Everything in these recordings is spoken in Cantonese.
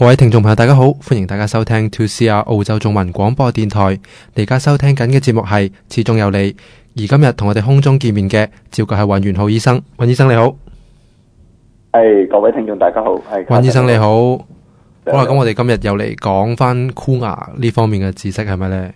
各位聽眾朋友，大家好，歡迎大家收聽 To See R 澳洲中文廣播電台。你而家收聽緊嘅節目係始終有你，而今日同我哋空中見面嘅，照顧係尹元晧醫生。尹醫生你好，係各位聽眾大家好，係尹醫生你好。是好啦，咁的我哋今日又嚟講翻箍牙呢方面嘅知識係咪呢？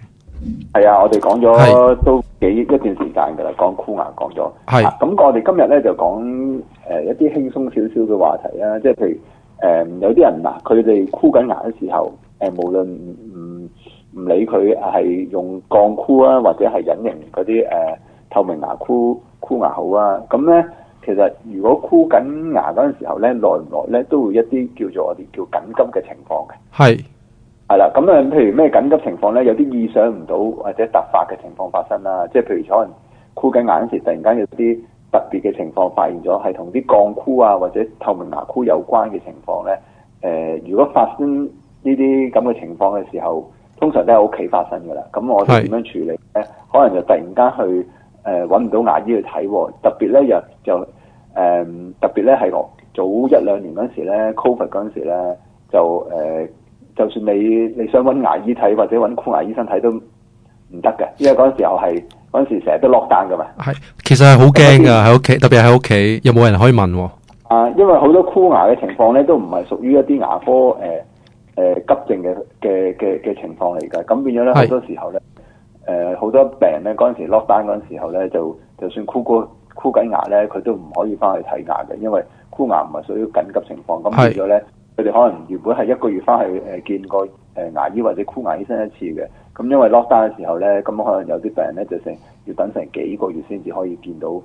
係啊，我哋講咗都幾一段時間噶啦，講箍牙講咗。係咁的，啊、我哋今日咧就講誒一啲輕鬆少少嘅話題啦，即係譬如。誒、呃、有啲人嗱，佢哋箍緊牙嘅時候，誒、呃、無論唔唔理佢係用鋼箍啊，或者係隱形嗰啲誒透明牙箍箍牙好啊，咁咧其實如果箍緊牙嗰陣時候咧，耐唔耐咧，都會一啲叫做我哋叫緊急嘅情況嘅。係係啦，咁啊，譬如咩緊急情況咧？有啲意想唔到或者突發嘅情況發生啦、啊，即係譬如可能箍緊牙嗰時候，突然間有啲。特別嘅情況發現咗係同啲鋼箍啊或者透明牙箍有關嘅情況咧，誒、呃，如果發生呢啲咁嘅情況嘅時候，通常都喺屋企發生㗎啦。咁我哋點樣處理咧？是 可能就突然間去誒揾唔到牙醫去睇、啊，特別咧又就誒、呃、特別咧係我早一兩年嗰時咧 COVID 嗰陣時咧就誒、呃，就算你你想揾牙醫睇或者揾箍牙醫生睇都。唔得嘅，因為嗰陣時候係嗰陣時成日都落單嘅嘛。係，其實係好驚嘅喺屋企，特別喺屋企有冇人可以問喎？啊，因為好多箍牙嘅情況咧，都唔係屬於一啲牙科誒誒、呃呃、急症嘅嘅嘅嘅情況嚟㗎。咁變咗咧，好多時候咧，誒好是、呃、多病人咧嗰陣時落單嗰陣時候咧，就就算箍箍箍緊牙咧，佢都唔可以翻去睇牙嘅，因為箍牙唔係屬於緊急情況。咁變咗咧，佢哋是可能原本係一個月翻去誒見個見過誒牙醫或者箍牙醫生一次嘅。咁因為 lockdown 嘅時候咧，咁可能有啲病人咧就成要等成幾個月先至可以見到誒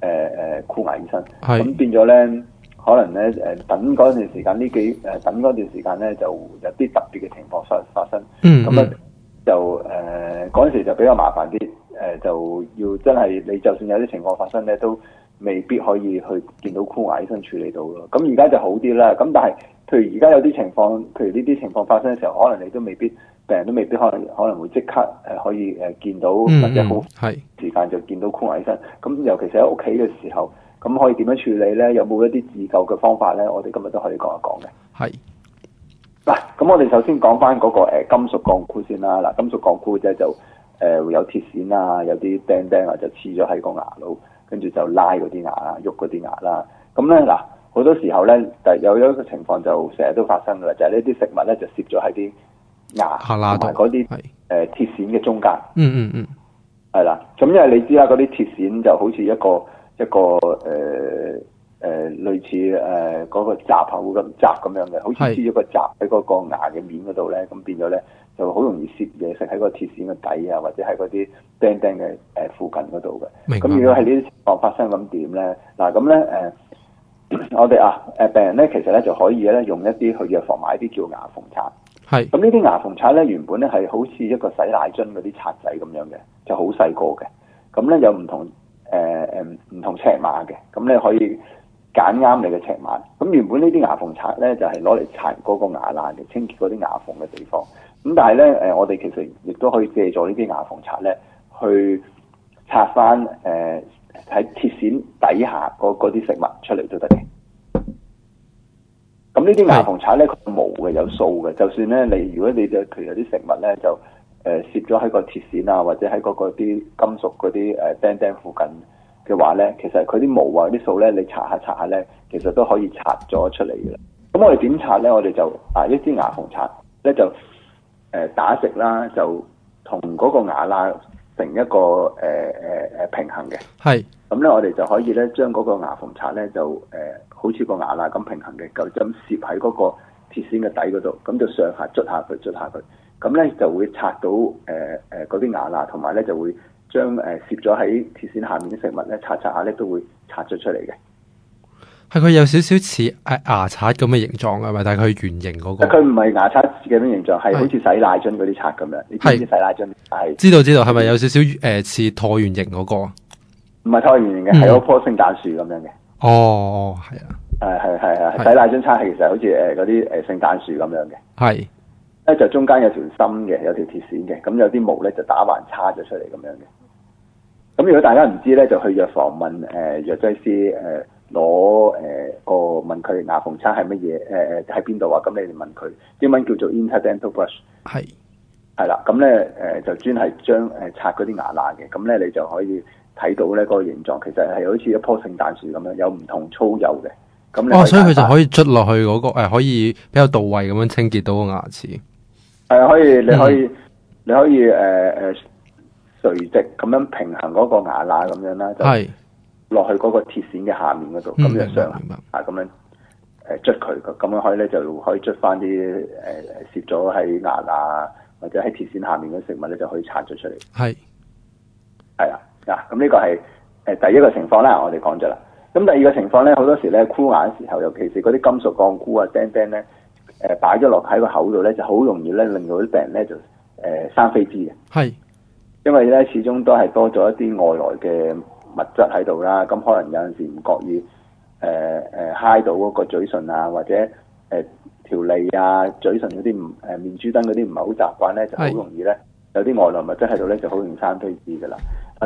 誒箍牙醫生，咁是變咗咧，可能咧誒、呃、等嗰段時間呢幾誒、呃、等段時間咧就有啲特別嘅情況發發生，咁啊、嗯嗯、就誒嗰陣時就比較麻煩啲，誒、呃、就要真係你就算有啲情況發生咧，都未必可以去見到箍牙醫生處理到咯。咁而家就好啲啦，咁但係譬如而家有啲情況，譬如呢啲情況發生嘅時候，可能你都未必。病都未必可能可能會即刻誒、呃、可以誒見到嗯嗯或者好時間就見到箍埋起身。咁是尤其是喺屋企嘅時候，咁可以點樣處理咧？有冇一啲自救嘅方法咧？我哋今日都可以講一講嘅。係嗱是，咁、啊、我哋首先講翻嗰個、呃、金屬鋼箍先啦。嗱，金屬鋼箍即係就誒會、呃、有鐵線啊，有啲釘釘啊，就黐咗喺個牙度，跟住就拉嗰啲牙，牙、嗯、啊，喐嗰啲牙啦。咁咧嗱，好多時候咧，第有一個情況就成日都發生噶啦，就係呢啲食物咧就攝咗喺啲。牙同埋嗰啲誒鐵線嘅中間，嗯嗯嗯，係啦。咁因為你知啦，嗰啲鐵線就好似一個一個誒誒類似誒嗰個閘口咁閘咁樣嘅，好似黐咗個閘喺嗰個牙嘅面嗰度咧，咁變咗咧就好容易攝嘢食喺個鐵線嘅底啊，或者喺嗰啲釘釘嘅誒附近嗰度嘅。明白。咁如果喺呢啲情況發生咁點咧？嗱咁咧誒，我哋啊誒病人咧，其實咧就可以咧用一啲去藥房買啲叫牙縫刷。係，咁呢啲牙縫刷咧原本咧係好似一個洗奶樽嗰啲刷仔咁樣嘅，就好細個嘅，咁、嗯、咧有唔同誒誒唔同尺碼嘅，咁、嗯、咧可以揀啱你嘅尺碼。咁、嗯、原本呢啲牙縫刷咧就係攞嚟刷嗰個牙罅嘅，清潔嗰啲牙縫嘅地方。咁、嗯、但係咧誒，我哋其實亦都可以借助呢啲牙縫刷咧去刷翻誒喺鐵線底下嗰啲食物出嚟都得嘅。咁、嗯、呢啲牙縫刷咧，佢毛嘅有掃嘅。就算咧，你如果你就譬如有啲食物咧，就誒攝咗喺個鐵線啊，或者喺嗰個啲金屬嗰啲誒釘釘附近嘅話咧，其實佢啲毛啊、啲掃咧，你擦下擦下咧，其實都可以拆咗出嚟嘅。咁我哋點刷咧，我哋就啊一支牙縫刷咧就誒、呃、打直啦，就同嗰個牙啦成一個誒誒誒平衡嘅。係是。咁咧、嗯，我哋就可以咧，將嗰個牙縫刷咧就誒。呃好似個牙罅咁平衡嘅膠針就咁，攝喺嗰個鐵線嘅底嗰度，咁就上下捽下佢，捽下佢，咁咧就會擦到誒誒嗰啲牙罅，同埋咧就會將誒攝咗喺鐵線下面啲食物咧擦擦下咧，都會擦咗出嚟嘅。係佢有少少似誒牙刷咁嘅形狀係咪？但係佢圓形嗰個。但佢唔係牙刷咁嘅形狀，係好似洗奶樽嗰啲刷咁樣。你知唔知洗奶樽？知道知道，係咪有少少誒似橢圓形嗰個？唔係橢圓形嘅，係有棵聖誕樹咁樣嘅。哦，係啊，係係係係，洗奶樽叉其實好似誒嗰啲誒聖誕樹咁樣嘅，係，咧就中間有條芯嘅，有條鐵線嘅，咁有啲毛咧就打橫叉咗出嚟咁樣嘅。咁如果大家唔知咧，就去藥房問誒藥劑師誒攞誒個問佢牙縫刷係乜嘢，誒誒喺邊度啊？咁你哋問佢，英文叫做 interdental brush，係係啦，咁咧誒就專係將誒擦嗰啲牙罅嘅，咁咧你就可以。睇到咧嗰個形狀，其實係好似一棵聖誕樹咁樣，有唔同粗幼嘅。咁哦，所以佢就可以捽落去嗰、那個誒、呃，可以比較到位咁樣清潔到個牙齒。係、嗯、可以，你可以，你可以誒誒垂直咁樣平衡嗰個牙罅咁樣啦。係落是去嗰個鐵線嘅下面嗰度，咁、嗯、樣上啊咁樣誒捽佢嘅，咁白樣可以咧就可以捽翻啲誒攝咗喺牙罅，或者喺鐵線下面嘅食物咧就可以刷咗出嚟。係係啊。嗱，咁呢個係誒第一個情況啦，我哋講咗啦。咁第二個情況咧，好多時咧箍牙嘅時候，尤其是嗰啲金屬鋼箍啊、釘釘咧，誒擺咗落喺個口度咧，就好容易咧令到啲病人咧就誒生飛滋嘅。係，因為咧始終都係多咗一啲外來嘅物質喺度啦。咁可能有陣時唔覺意誒誒揩到嗰個嘴唇啊，或者誒條脷啊、嘴唇嗰啲唔誒面珠燈嗰啲唔係好習慣咧，就好容易咧有啲外來物質喺度咧，就好容易生飛滋噶啦。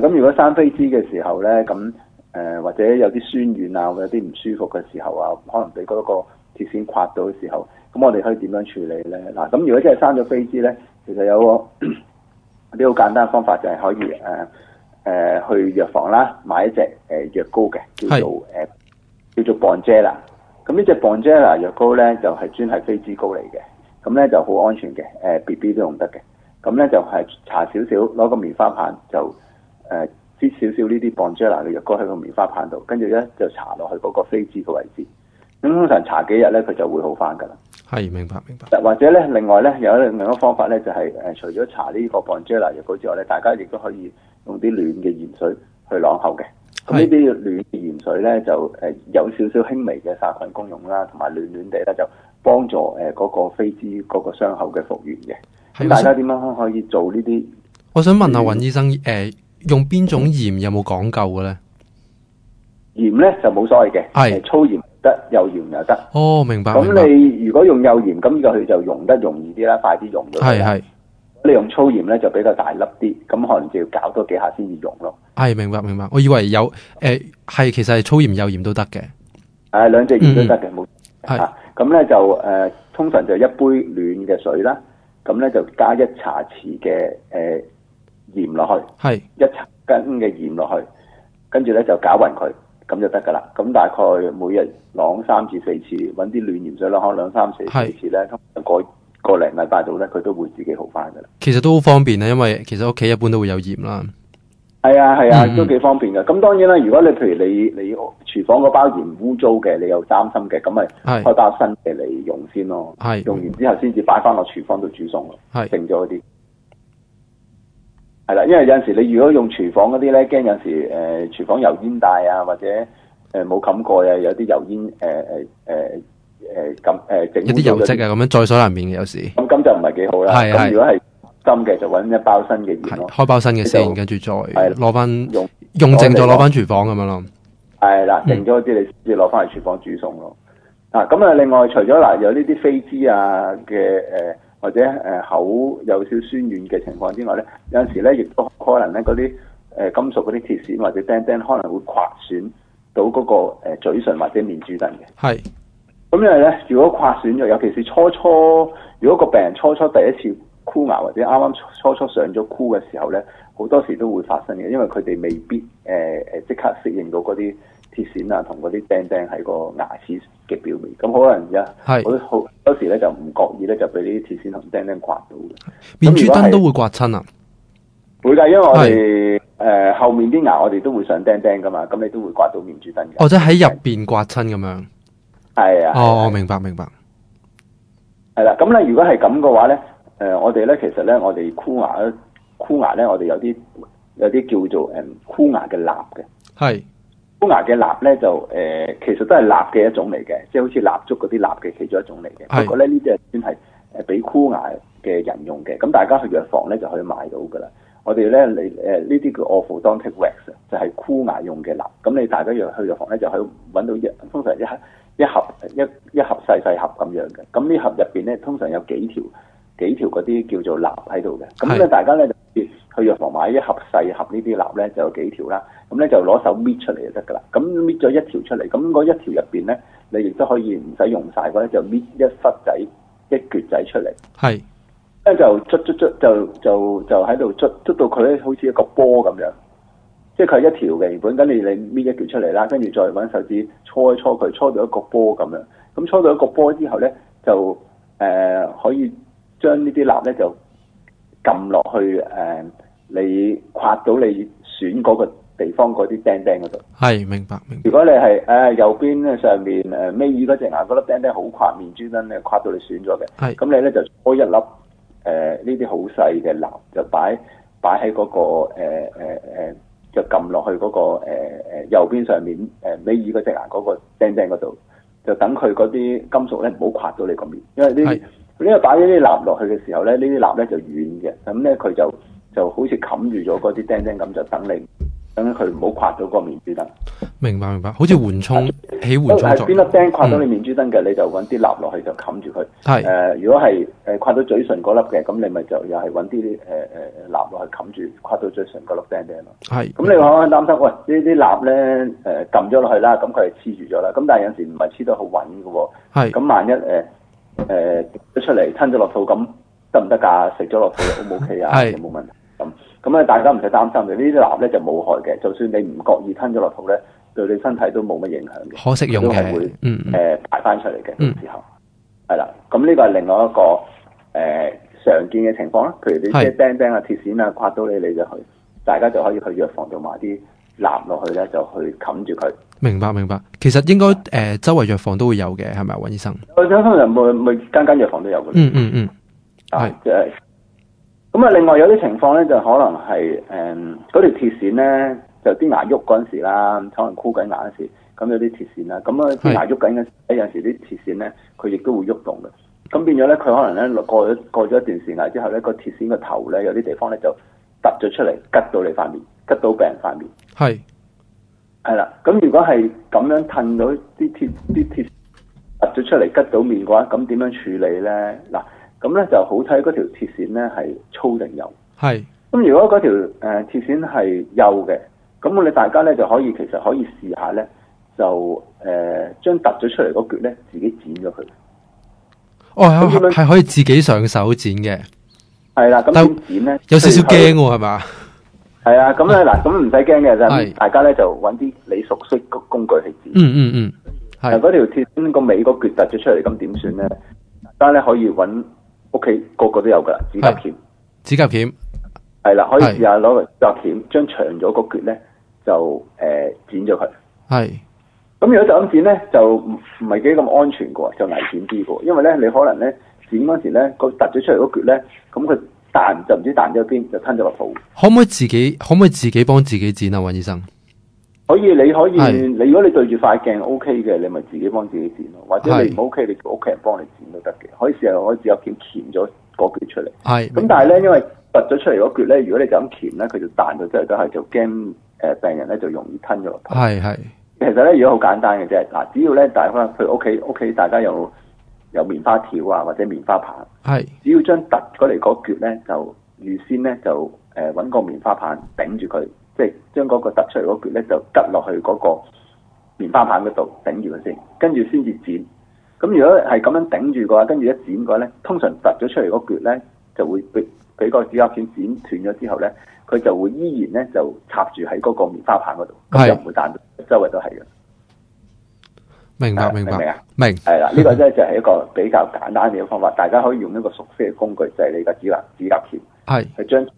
咁如果生痱滋嘅時候咧，咁誒、呃、或者有啲酸軟啊，或者啲唔舒服嘅時候啊，可能俾嗰個鐵線刮到嘅時候，咁我哋可以點樣處理咧？嗱，咁如果真係生咗痱滋咧，其實有個啲好 簡單嘅方法，就係可以誒誒、呃呃、去藥房啦，買一隻誒、呃、藥膏嘅，叫做誒是、呃、叫做棒遮啦。咁呢隻棒遮啦藥膏咧，就係、是、專係痱滋膏嚟嘅，咁咧就好安全嘅，誒 B B 都用得嘅。咁咧就係搽少少，攞個棉花棒就。誒，敷少少呢啲 Bonjela 嘅藥膏喺個棉花棒度，跟住咧就搽落去嗰個飛滋嘅位置。咁、嗯、通常搽幾日咧，佢就會好返㗎喇。係，明白明白。或者咧，另外咧，有一另一個方法咧，就係、是、誒、呃，除咗搽呢個 Bonjela 藥膏之外咧，大家亦都可以用啲暖嘅鹽水去啷口嘅。咁是、嗯、呢啲暖嘅鹽水咧，就誒、呃、有少少輕微嘅殺菌功用啦，同埋暖暖地咧就幫助誒嗰個飛滋嗰個傷口嘅復原嘅。咁是大家點樣可以做呢啲？我想問下尹醫生誒。呃用邊種鹽有冇講究嘅咧？鹽咧就冇所謂嘅，係是粗鹽得，幼鹽又得。哦，明白。咁你如果用幼鹽，咁呢個佢就溶得容易啲啦，快啲溶咗。係係。你用粗鹽咧就比較大粒啲，咁可能就要搞多幾下先至溶咯。係，明白明白。我以為有誒係、呃，其實係粗鹽、幼鹽都得嘅。誒、啊，兩隻鹽都得嘅，冇係。咁咧就誒，通常就一杯暖嘅水啦，咁咧就加一茶匙嘅誒。呃鹽落去，係是一茶根嘅鹽落去，跟住咧就攪匀佢，咁就得噶啦。咁大概每日兩三至四次，揾啲暖鹽水啦，可能兩三四次咧，通常是過個零禮拜度咧，佢都會自己好翻噶啦。其實都好方便啊，因為其實屋企一般都會有鹽啦。係啊，係啊，都幾方便噶。咁、嗯嗯、當然啦，如果你譬如你你廚房嗰包鹽污糟嘅，你又擔心嘅，咁咪開包新嘅嚟用先咯。係是用完之後廚，先至擺翻落廚房度煮餸咯。係是是剩咗嗰啲。係啦，因為有陣時你如果用廚房嗰啲咧，驚有陣時誒、呃、廚房油煙大啊，或者誒冇冚蓋啊，有啲油煙誒誒誒誒咁誒整一啲油跡啊，咁樣在所難免嘅有時。咁咁就唔係幾好啦。咁係如果係新嘅，就揾一包新嘅鹽，開包新嘅先，跟住再攞翻用用淨咗攞翻廚房咁樣咯、嗯。係啦，淨咗啲你先至攞翻嚟廚房煮餸咯。啊，咁啊，另外除咗嗱有呢啲飛黐啊嘅誒。呃或者誒、呃、口有少酸軟嘅情況之外咧，有陣時咧亦都可能咧嗰啲誒金屬嗰啲鐵線或者釘釘可能會刮損到嗰個誒嘴唇或者面珠墩嘅。係是，咁因為咧，如果刮損咗，尤其是初初如果個病人初初第一次箍牙或者啱啱初初上咗箍嘅時候咧，好多時都會發生嘅，因為佢哋未必誒誒即刻適應到嗰啲。鐵線啊，同嗰啲釘釘喺個牙齒嘅表面，咁可能而家，係是我好多時咧就唔覺意咧就俾啲鐵線同釘釘刮到嘅，面珠圖燈，燈都會刮親啊，會噶，因為我哋誒是、呃、後面啲牙我哋都會上釘釘噶嘛，咁你都會刮到面珠燈嘅，或者喺入邊刮親咁樣，係啊是，是哦，明白明白，係啦，咁咧如果係咁嘅話咧，誒、呃，我哋咧其實咧我哋箍牙咧箍牙咧我哋有啲有啲叫做誒箍牙嘅蠟嘅，係。 箍牙嘅蠟咧就誒、呃，其實都係蠟嘅一種嚟嘅，即係好似蠟燭嗰啲蠟嘅其中一種嚟嘅。不過咧，呢啲係算係誒俾箍牙嘅人用嘅，咁大家去藥房咧就可以買到噶啦。我哋咧，你誒呢啲叫 orthodontic wax，就係箍牙用嘅蠟。咁你大家若去藥房咧，就可以揾到一通常一盒一盒一一盒細細盒咁樣嘅。咁呢盒入邊咧，通常有幾條。幾條嗰啲叫做蠟喺度嘅，咁咧大家咧就是去藥房買一盒細盒呢啲蠟咧就有幾條啦，咁咧就攞手搣出嚟就得噶喇。咁搣咗一條出嚟，咁嗰一條入邊咧，你亦都可以唔使用晒。嗰咧，就搣一忽仔一橛仔出嚟。係是，咧就捽捽捽，就就就喺度捽捽到佢咧，好似一個波咁樣。即係佢係一條嘅，原本咁你你搣一橛出嚟啦，跟住再搵手指搓一搓佢，搓到一個波咁樣。咁搓到一個波之後咧，就誒、呃、可以。將呢啲蠟咧就撳落去誒，你刮到你損嗰個地方嗰啲釘釘嗰度。係，明白明白。如果你係誒右邊咧上面誒尾二嗰隻牙嗰粒釘釘好刮面，專登咧刮到你損咗嘅。係。咁你咧就開一粒誒呢啲好細嘅蠟，就擺擺喺嗰個誒誒就撳落去嗰個誒右邊上面誒尾二嗰隻牙嗰個釘釘嗰度，就等佢嗰啲金屬咧唔好刮到你個面，因為呢啲。呢個擺咗啲蠟落去嘅時候咧，呢啲蠟咧就軟嘅，咁咧佢就就好似冚住咗嗰啲釘釘咁，就等你等佢唔好刮到個面珠燈。明白明白，好似緩衝是起緩衝作用。邊粒釘刮到你面珠燈嘅，你就揾啲蠟落去就冚住佢。係誒、嗯呃，如果係誒刮到嘴唇嗰粒嘅，咁你咪就又係揾啲誒誒蠟落去冚住刮到嘴唇嗰粒釘釘咯。係。咁你話可能擔心，喂、哎、呢啲蠟咧誒撳咗落去啦，咁佢係黐住咗啦。咁但係有時唔係黐得好穩㗎喎。係是。咁萬一誒？誒，跌咗出嚟吞咗落肚，咁得唔得噶？食咗落肚，O 唔 O K 啊？有冇 問題？咁咁咧，大家唔使擔心嘅。呢啲蠟咧就冇害嘅，就算你唔覺意吞咗落肚咧，對你身體都冇乜影響嘅。 可惜用嘅，都係會誒、嗯嗯、排翻出嚟嘅。嗯，嗯，時候係啦。咁呢個係另外一個誒、呃、常見嘅情況啦。譬如你即係釘釘啊、鐵線啊、刮到你，你就去，大家就可以去藥房度買啲。攬落去咧，就去冚住佢。明白，明白。其實應該誒、呃，周圍藥房都會有嘅，係咪，尹醫生？我想通常每每間間藥房都有嘅、嗯。嗯嗯嗯。係、啊，咁啊是、呃，另外有啲情況咧，就可能係誒嗰條鐵線咧，就啲牙喐嗰陣時啦，可能箍緊牙嗰時，咁有啲鐵線啦。咁啊，牙喐緊嗰陣時，有陣時啲鐵線咧，佢亦都會喐動嘅。咁變咗咧，佢可能咧過咗過咗一段時間之後咧，個鐵線個頭咧，有啲地方咧就。凸咗出嚟，吉到你塊面，吉到病人塊面，係是，係啦。咁如果係咁樣褪到啲鐵啲鐵凸咗出嚟，吉到面嘅話，咁點樣處理咧？嗱，咁咧就好睇嗰條鐵線咧係粗定幼。係是。咁如果嗰條誒、呃、鐵線係幼嘅，咁我哋大家咧就可以其實可以試下咧，就誒將凸咗出嚟嗰橛咧自己剪咗佢。哦，係這樣 可以自己上手剪嘅。係啦，咁但剪咧有少少驚喎，係嘛吧？係啊，咁咧嗱，咁唔使驚嘅就係大家咧就揾啲你熟悉嘅工具去剪。嗯嗯嗯，係、嗯。嗰條鐵個尾嗰橛突咗出嚟，咁點算咧？大家咧可以揾屋企個個都有噶啦，指甲鉗。指甲鉗係啦，可以試下攞個指甲鉗，將是長咗個橛咧就誒剪咗佢。係是。咁如果就咁剪咧，就唔唔係幾咁安全噶，就危險啲噶，因為咧你可能咧。剪嗰時咧，個突咗出嚟嗰橛咧，咁佢彈就唔知彈咗邊，就吞咗落肚。可唔可以自己？可唔可以自己幫自己剪啊？尹醫生，可以，你可以是你如果你對住塊鏡 O K 嘅，你咪自己幫自己剪咯。或者你唔 O K，你叫屋企人幫你剪都得嘅。可以試下，可以試下鉗咗嗰橛出嚟。係。咁但係咧，因為突咗出嚟嗰橛咧，如果你就咁鉗咧，佢就彈咗出嚟，都係就驚誒病人咧就容易吞咗落肚。係係。其實咧，如果好簡單嘅啫，嗱，只要咧大翻佢屋企屋企大家有。有棉花條啊，或者棉花棒，係是，只要將凸過嚟嗰橛咧，就預先咧就誒揾、呃、個棉花棒頂住佢，即係將嗰個凸出嚟嗰橛咧就拮落去嗰個棉花棒嗰度頂住佢先，跟住先至剪。咁如果係咁樣頂住嘅話，跟住一剪嘅話咧，通常凸咗出嚟嗰橛咧就會俾俾個指甲片剪斷咗之後咧，佢就會依然咧就插住喺嗰個棉花棒嗰度，咁就唔會彈到是周圍都係嘅。明白，啊、明白，明啊，明係啦，呢個咧就係一個比較簡單嘅方法，嗯、大家可以用一個熟悉嘅工具，就係、是、你嘅指甲指甲鉗，係是去將誒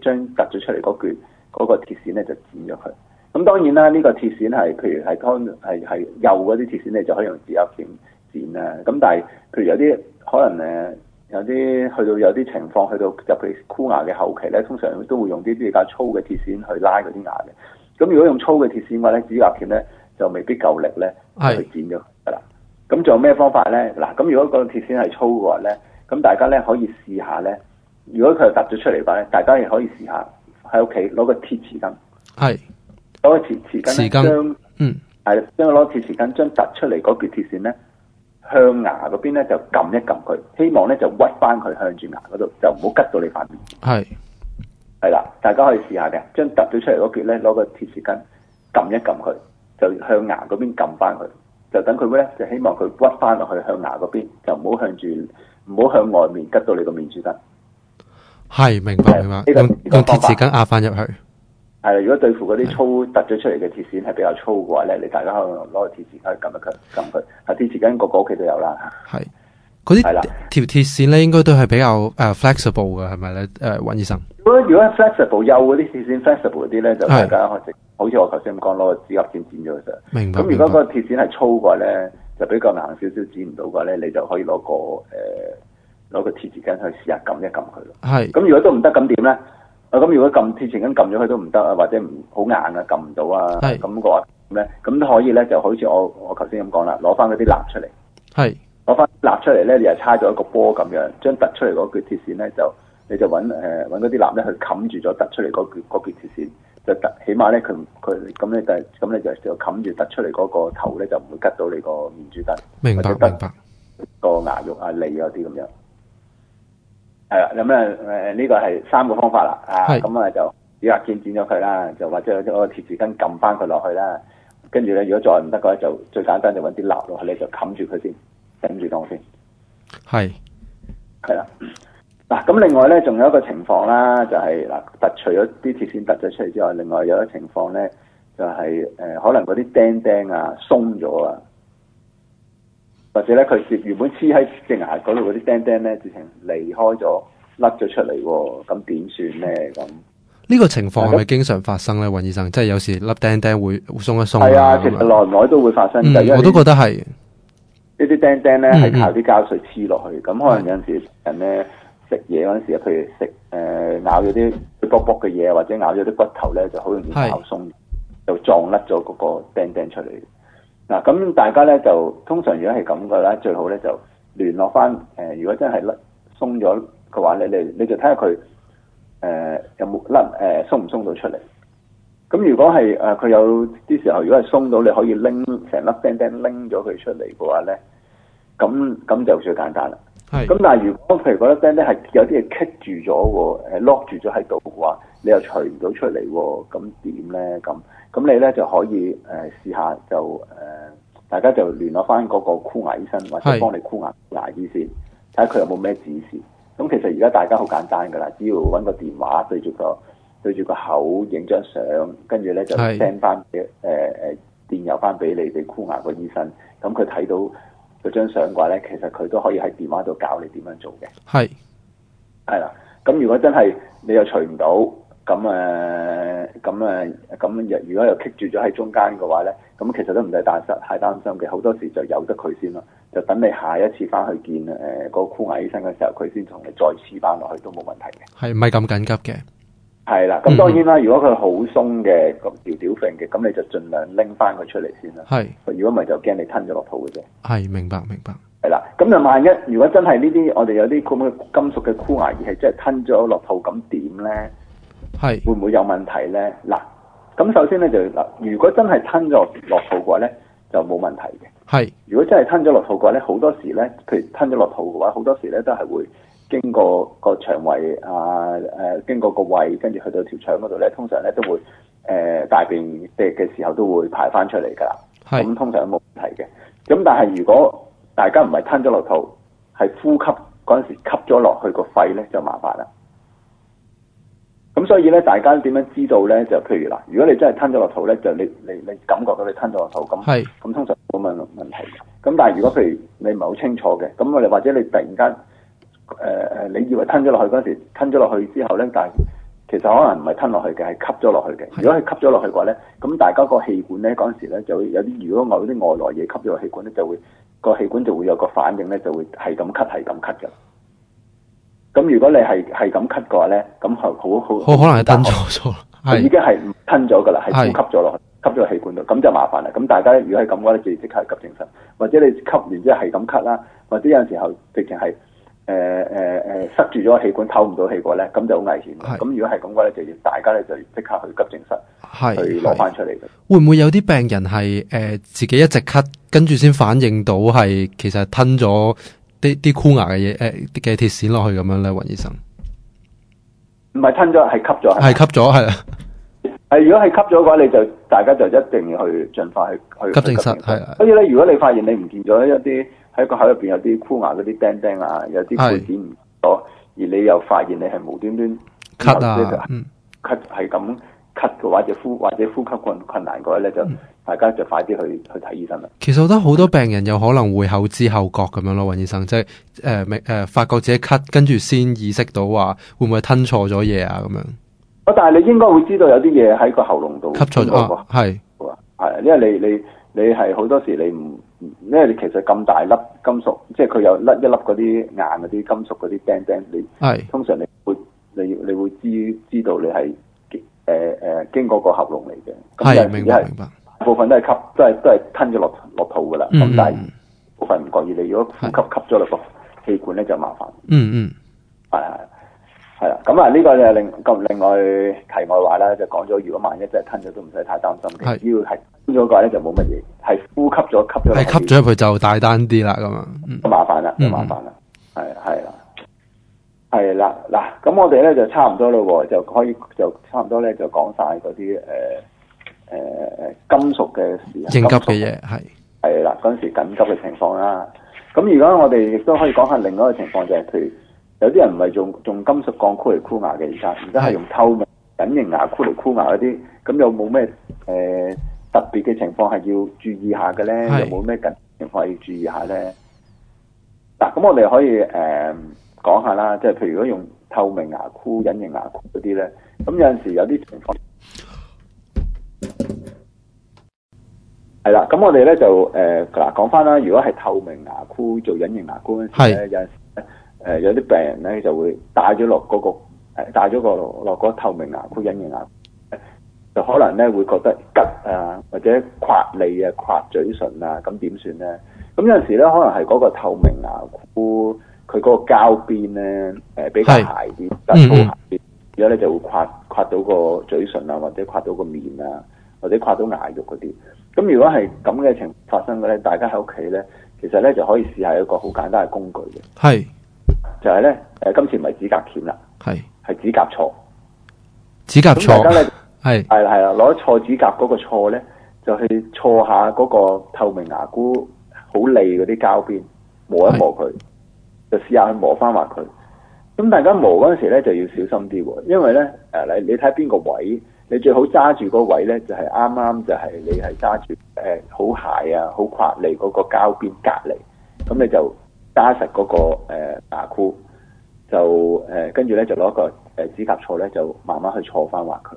誒，將凸咗出嚟嗰卷嗰個鐵線咧就剪咗佢。咁當然啦，呢、這個鐵線係，譬如係係係右嗰啲鐵線咧，就可以用指甲鉗剪啦。咁但係，譬如有啲可能誒，有啲去到有啲情況，去到尤其箍牙嘅後期咧，通常都會用啲比較粗嘅鐵線去拉嗰啲牙嘅。咁如果用粗嘅鐵線嘅話咧，指甲鉗咧。就未必夠力咧，是去剪咗啦。咁仲有咩方法咧？嗱，咁如果個鐵線係粗嘅話咧，咁大家咧可以試下咧。如果佢係凸咗出嚟嘅話咧，大家亦可以試下喺屋企攞個鐵匙羹。係攞個鐵匙羹。匙羹，嗯，係，將佢攞鐵匙羹將凸出嚟嗰條鐵線咧，向牙嗰邊咧就撳一撳佢，希望咧就屈翻佢向住牙嗰度，就唔好吉到你塊面。係，係啦，大家可以試下嘅是，將凸咗出嚟嗰條咧攞個鐵匙羹撳一撳佢。就向牙嗰邊撳翻佢，就等佢咩咧？就希望佢屈翻落去向牙嗰邊，就唔好向住，唔好向外面拮到你個面珠得。係，明白明白。用鐵匙羹壓翻入去。係，如果對付嗰啲粗突咗出嚟嘅鐵線係比較粗嘅話咧，你大家可以攞個鐵匙羹撳一撳，撳佢。啊，鐵匙羹個個屋企都有啦。係，嗰啲係啦，條鐵線咧應該都係比較誒 flexible 嘅，係咪咧？誒，尹醫生。如果如果 flexible 幼嗰啲鐵線 flexible 嗰啲咧，就大家開始。好似我頭先咁講咯，攞個指甲剪剪咗佢啫。明白。咁如果嗰個鐵線係粗嘅話咧，就比較硬少少剪唔到嘅話咧，你就可以攞個誒攞、呃、個鐵匙羹去試下撳一撳佢咯。係是。咁如果都唔得咁點咧？啊咁如果撳鐵匙羹撳咗佢都唔得啊，或者唔好硬啊撳唔到啊？係是。咁嘅話咧咁都可以咧就好似我我頭先咁講啦，攞翻嗰啲蠟出嚟。係是。攞翻蠟出嚟咧，你又差咗一個波咁樣，將突出嚟嗰個鐵線咧就。就你就揾誒嗰啲蠟咧去冚住咗突出嚟嗰橛嗰橛鐵線，就突起碼咧佢佢咁咧就咁咧就就就冚住突出嚟嗰個頭咧就唔會拮到你個面珠墩，waters, 或者得個牙肉啊脷嗰啲咁樣。係、hmm. 啦，有咩誒？呢個係三個方法啦。啊白，咁啊就以牙籤剪咗佢啦，就或者用嗰個鐵匙羹撳翻佢落去啦。跟住咧，如果再唔得嘅話，就最簡單就揾啲蠟落去就冚住佢先，頂住當先。係，係啦。嗱，咁另外咧，仲有一個情況啦，就係嗱，凸除咗啲鐵線凸咗出嚟之外，另外有一個情況咧，就係誒，可能嗰啲釘釘啊鬆咗啊，或者咧佢原本黐喺隻牙嗰度嗰啲釘釘咧，直情離開咗，甩咗出嚟喎，咁點算咧？咁呢個情況係咪經常發生咧，尹醫生？即係有時甩釘釘會鬆一鬆啊？係啊，其實耐唔耐都會發生嘅。我都覺得係呢啲釘釘咧係靠啲膠水黐落去，咁、嗯嗯、可能有陣時人咧。食嘢嗰陣時啊，譬如食誒、呃、咬咗啲骨骨嘅嘢，或者咬咗啲骨頭咧，就好容易咬鬆是、啊，就撞甩咗嗰個釘釘出嚟。嗱，咁大家咧就通常如果係咁嘅咧，最好咧就聯絡翻誒、呃，如果真係甩鬆咗嘅話咧，你你，你就睇下佢誒有冇甩誒鬆唔鬆到出嚟。咁如果係誒佢有啲時候，如果係鬆到，你可以拎成粒釘釘拎咗佢出嚟嘅話咧，咁咁就最簡單啦。係，咁是但係如果譬如嗰粒 band 咧係有啲嘢棘住咗喎，lock 住咗喺度嘅話，你又除唔到出嚟喎，咁點咧？咁，咁你咧就可以誒試、呃、下就誒、呃，大家就聯絡翻嗰個箍牙醫生，或者幫你箍牙牙醫先，睇下佢有冇咩指示。咁其實而家大家好簡單㗎啦，只要揾個電話對住個對住個口影張相，跟住咧就 send 翻俾誒誒電郵翻俾你哋箍牙個醫生，咁佢睇到。嗰張相嘅話咧，其實佢都可以喺電話度教你點樣做嘅。係是，係啦。咁如果真係你又除唔到，咁、嗯、誒，咁、嗯、誒，咁、嗯、若、嗯嗯、如果又棘住咗喺中間嘅話咧，咁、嗯、其實都唔使擔心，太擔心嘅。好多時就由得佢先咯，就等你下一次翻去見誒、呃嗰個箍牙醫生嘅時候，佢先同你再黐翻落去都冇問題嘅。係唔係咁緊急嘅？係啦，咁當然啦，如果佢好鬆嘅、吊吊揈嘅，咁你就盡量拎翻佢出嚟先啦。係的，如果唔係就驚你吞咗落肚嘅啫。係，明白明白。係啦，咁就萬一如果真係呢啲我哋有啲咁嘅金屬嘅箍牙儀器真係吞咗落肚，咁點咧？係的，會唔會有問題咧？嗱，咁首先咧就嗱，如果真係吞咗落肚嘅話咧，就冇問題嘅。係的，如果真係吞咗落肚嘅話咧，好多時咧，譬如吞咗落肚嘅話，好多時咧都係會。經過個腸胃啊，誒、啊，經過個胃，跟住去到條腸嗰度咧，通常咧都會，誒、呃，大便嘅嘅時候都會排翻出嚟噶啦，咁是通常都冇問題嘅。咁但係如果大家唔係吞咗落肚，係呼吸嗰陣時吸咗落去個肺咧，就麻煩啦。咁所以咧，大家點樣知道咧？就譬如嗱，如果你真係吞咗落肚咧，就你你你，你感覺到你吞咗落肚，咁咁是通常冇問問題嘅。咁但係如果譬如你唔係好清楚嘅，咁我哋或者你突然間。誒誒、呃，你以為吞咗落去嗰時，吞咗落去之後咧，但係其實可能唔係吞落去嘅，係吸咗落去嘅。如果係吸咗落去嘅話咧，咁大家個氣管咧嗰陣時咧就有啲，如果有啲外來嘢吸咗落氣管咧，就會個氣管就會有個反應咧，就會係咁咳係咁咳嘅。咁如果你係係咁咳嘅話咧，咁好好好可能係吞咗，我是已經係吞咗噶啦，係呼吸咗落去，是吸咗落氣管度，咁就麻煩啦。咁大家如果係咁嘅話咧，就要即刻急症室，或者你吸完之後係咁咳啦，或者有陣時候直情係。誒誒誒，塞住咗氣管，唞唔到氣嘅咧，咁就好危險。咁如果係咁嘅咧，就要大家咧就即刻去急症室，去攞翻出嚟。會唔會有啲病人係誒、呃、自己一直咳，跟住先反應到係其實吞咗啲啲箍牙嘅嘢、誒嘅鐵線落去咁樣咧？尹醫生，唔係吞咗，係吸咗，係吸咗，係。誒，如果係吸咗嘅話，你就大家就一定要去盡快去去。急症室係那。所以咧，如果你發現你唔見咗一啲。喺個口入邊有啲箍牙嗰啲釘釘啊，有啲配件唔妥，是而你又發現你係無端端咳啊，咳係咁咳嘅，或者呼或者呼吸困困難嗰啲咧，就大家就快啲去去睇醫生啦。其實我覺得好多病人有可能會後知後覺咁樣咯，尹醫生，即係誒明誒發覺自己咳，跟住先意識到話會唔會吞錯咗嘢啊咁樣。哦，但係你應該會知道有啲嘢喺個喉嚨度。吞錯咗係係，因為你你你係好多時你唔。因為你其實咁大粒金屬，即係佢有甩一粒嗰啲硬嗰啲金屬嗰啲釘釘，你係是通常你會你你會知知道你係，誒、呃、誒、呃、經過個喉嚨嚟嘅，咁就唔止部分都係吸，都係都係吞咗落落肚㗎喇，咁但係部分唔覺意你如果呼吸是吸咗落個氣管咧就麻煩，嗯嗯，係啊、嗯。嗯係啦，咁啊呢個就另咁另外題外話啦，就講咗，如果萬一真係吞咗都唔使太擔心，嘅是。主要係吞咗個咧就冇乜嘢，係呼吸咗吸咗。係吸咗佢就大單啲、嗯嗯、啦，咁啊麻煩啦，麻煩啦，係係啦，係啦嗱，咁我哋咧就差唔多咯，就可以就差唔多咧就講晒嗰啲誒誒金屬嘅事，應急嘅嘢係係啦，嗰時緊急嘅情況啦。咁如果我哋亦都可以講下另外嘅情況，就係譬如。有啲人唔係用用金屬鋼箍嚟箍牙嘅，而家而家係用透明隱形牙箍嚟箍牙嗰啲，咁有冇咩誒特別嘅情況係要注意下嘅咧？是有冇咩緊情況要注意下咧？嗱、啊，咁我哋可以誒、呃、講下啦，即係譬如如果用透明牙箍、隱形牙箍嗰啲咧，咁有陣時有啲情況係啦，咁我哋咧就誒嗱、呃、講翻啦，如果係透明牙箍做隱形牙箍嗰陣時咧，有時。誒，有啲病人咧就會戴咗落嗰個，誒戴咗個落嗰透明牙箍隱形牙，就可能咧會覺得吉啊，或者刮脷啊刮嘴唇啊，咁點算咧？咁有陣時咧，可能係嗰個透明牙箍佢嗰、啊啊啊、個,個膠邊咧，誒比較粗是鞋啲，凸鞋啲，之後咧就會刮刮到個嘴唇啊，或者刮到個面啊，或者刮到牙肉嗰啲。咁如果係咁嘅情況發生嘅咧，大家喺屋企咧，其實咧就可以試下一個好簡單嘅工具嘅。係。就係咧，誒今次唔係指甲鉗啦，係係是指甲銼，指甲銼，係係啦係啦，攞銼 是指甲嗰個銼咧，就去銼下嗰個透明牙箍好利嗰啲膠邊，磨一磨佢，是就試下去磨翻埋佢。咁大家磨嗰陣時咧就要小心啲喎，因為咧誒、呃、你你睇下邊個位，你最好揸住嗰位咧就係啱啱就係你係揸住誒好鞋啊好跨利嗰個膠邊隔籬，咁你就。揸實嗰個牙箍，就誒跟住咧就攞個誒指甲銼咧就慢慢去銼返滑佢。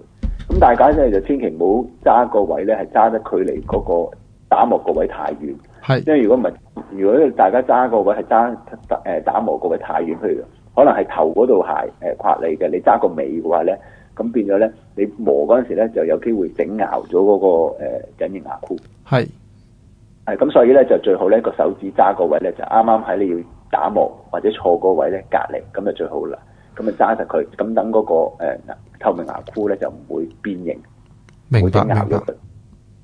咁大家咧就千祈唔好揸個位咧係揸得距離嗰個打磨個位太遠。係是，因為如果唔係，如果大家揸個位係揸誒打磨個位太遠，譬如可能係頭嗰度鞋誒刮嚟嘅，你揸個尾嘅話咧，咁變咗咧你磨嗰陣時咧就有機會整拗咗嗰個誒隱形牙箍。係。係咁、嗯，所以咧就最好咧個手指揸個位咧就啱啱喺你要打磨或者錯嗰個位咧隔離，咁就最好啦。咁啊揸實佢，咁等嗰個誒、呃、透明牙箍咧就唔會變形，冇啲白牙肉。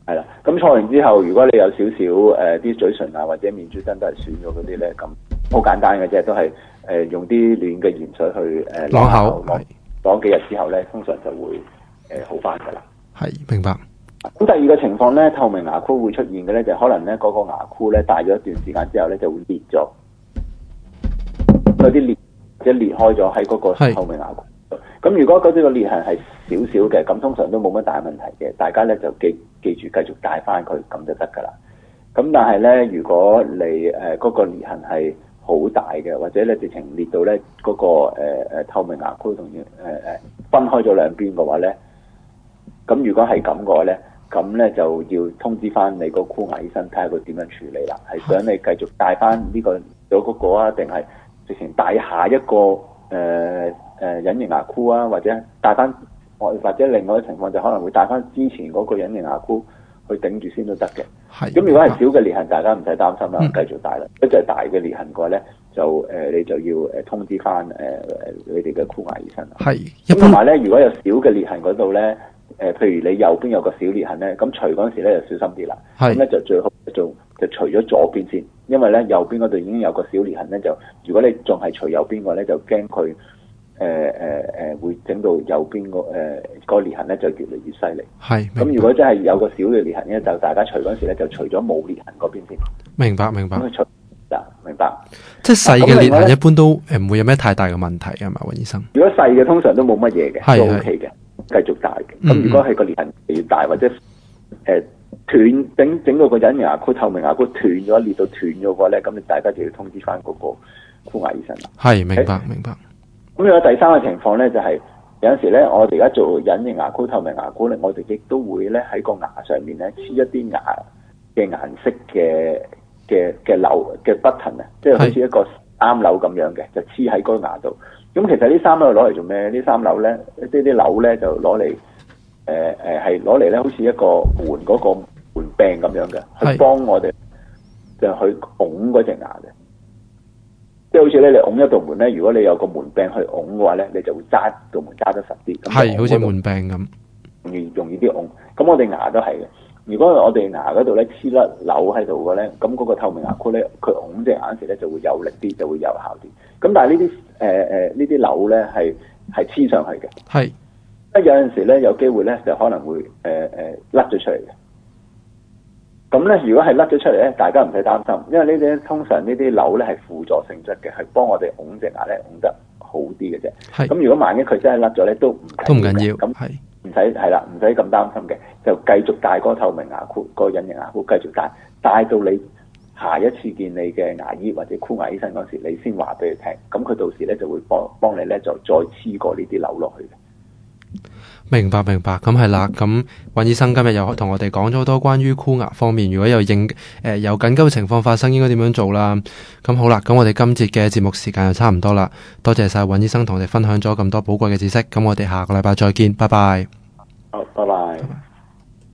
係啦白，咁錯完之後，如果你有少少誒啲嘴唇啊或者面珠針都係損咗嗰啲咧，咁好簡單嘅啫，都係誒用啲暖嘅鹽水去誒，啷口啷，啷是幾日之後咧通常就會誒好返噶啦。係、呃呃，明白。咁第二個情況咧，透明牙箍會出現嘅咧，就可能咧嗰個牙箍咧戴咗一段時間之後咧，就會裂咗，有啲裂，即係裂開咗喺嗰個透明牙箍。咁是如果嗰啲個裂痕係少少嘅，咁通常都冇乜大問題嘅，大家咧就記記住繼續戴翻佢，咁就得㗎啦。咁但係咧，如果你誒嗰、呃那個裂痕係好大嘅，或者咧直情裂到咧嗰、那個誒、呃、透明牙箍同誒誒分開咗兩邊嘅話咧，咁如果係咁嘅話咧。咁咧就要通知翻你個箍牙醫生睇下佢點樣處理啦，係想你繼續戴翻呢個左嗰、嗰個啊，定係直情戴下一個誒誒隱形牙箍啊，或者戴翻我或者另外嘅情況就可能會戴翻之前嗰個隱形牙箍去頂住先都得嘅。係咁，如果係小嘅裂痕，嗯、大家唔使擔心啦，繼續戴啦。一就係大嘅裂痕嘅話咧，就誒、呃、你就要誒通知翻誒誒你哋嘅箍牙醫生。係，同埋咧，如果有小嘅裂痕嗰度咧。誒，譬如你右邊有個小裂痕咧，咁除嗰陣時咧就小心啲啦。係咁咧就最好做就除咗左邊先，因為咧右邊嗰度已經有個小裂痕咧，就如果你仲係除右邊嘅咧，就驚佢誒誒誒會整到右邊個誒個裂痕咧就越嚟越犀利。係咁，如果真係有個小嘅裂痕咧，就大家除嗰陣時咧就除咗冇裂痕嗰邊先。明白，明白。明白。即係細嘅裂痕一般都誒唔會有咩太大嘅問題係嘛，尹醫生。如果細嘅通常都冇乜嘢嘅，都 OK 嘅。繼續大嘅，咁、嗯、如果係個裂痕越大或者誒斷整整到個隱形牙箍透明牙箍斷咗裂到斷嘅話咧，咁你大家就要通知翻嗰個箍牙醫生啦。係，明白明白。咁有第三個情況咧、就是，就係有陣時咧，我哋而家做隱形牙箍透明牙箍咧，我哋亦都會咧喺個牙上面咧黐一啲牙嘅顏色嘅嘅嘅鈕嘅 button 啊，是 button，即係好似一個啱鈕咁樣嘅，就黐喺嗰個牙度。咁其實呢三樓攞嚟做咩？呢三樓咧，啲啲樓咧就攞嚟，誒誒係攞嚟咧，好似一個門嗰、個門柄咁樣嘅，去幫我哋就是去拱嗰隻牙嘅。即係好似咧，你拱一道門咧，如果你有個門柄去拱嘅話咧，你就會揸道門揸得實啲。咁係，好似門柄咁，易容易啲拱。咁我哋牙都係嘅。如果我哋牙嗰度咧黐甩扭喺度嘅咧，咁嗰個透明牙箍咧，佢石隻牙時咧就會有力啲，就會有效啲。咁但係、呃、呢啲誒誒呢啲扭咧係係黐上去嘅，係是。即有陣時咧有機會咧就可能會誒誒甩咗出嚟嘅。咁咧如果係甩咗出嚟咧，大家唔使擔心，因為呢啲通常呢啲扭咧係輔助性質嘅，係幫我哋石隻牙咧石得好啲嘅啫。係是。咁如果萬一佢真係甩咗咧，都都唔緊要，咁係那麼 是。唔使，係啦，唔使咁擔心嘅，就繼續戴嗰透明牙箍，個隱形牙箍繼續戴，戴到你下一次見你嘅牙醫或者箍牙醫生嗰時，你先話俾佢聽，咁佢到時咧就會幫幫你咧就再黐過呢啲瘤落去嘅。明白明白，咁係啦，咁、啊、尹醫生今日又同我哋講咗好多關於箍牙方面，如果有應誒有緊急嘅情況發生，應該點樣做啦？咁好啦，咁我哋今節嘅節目時間又差唔多啦，多謝晒尹醫生同我哋分享咗咁多寶貴嘅知識，咁我哋下個禮拜再見，拜拜。好，拜拜。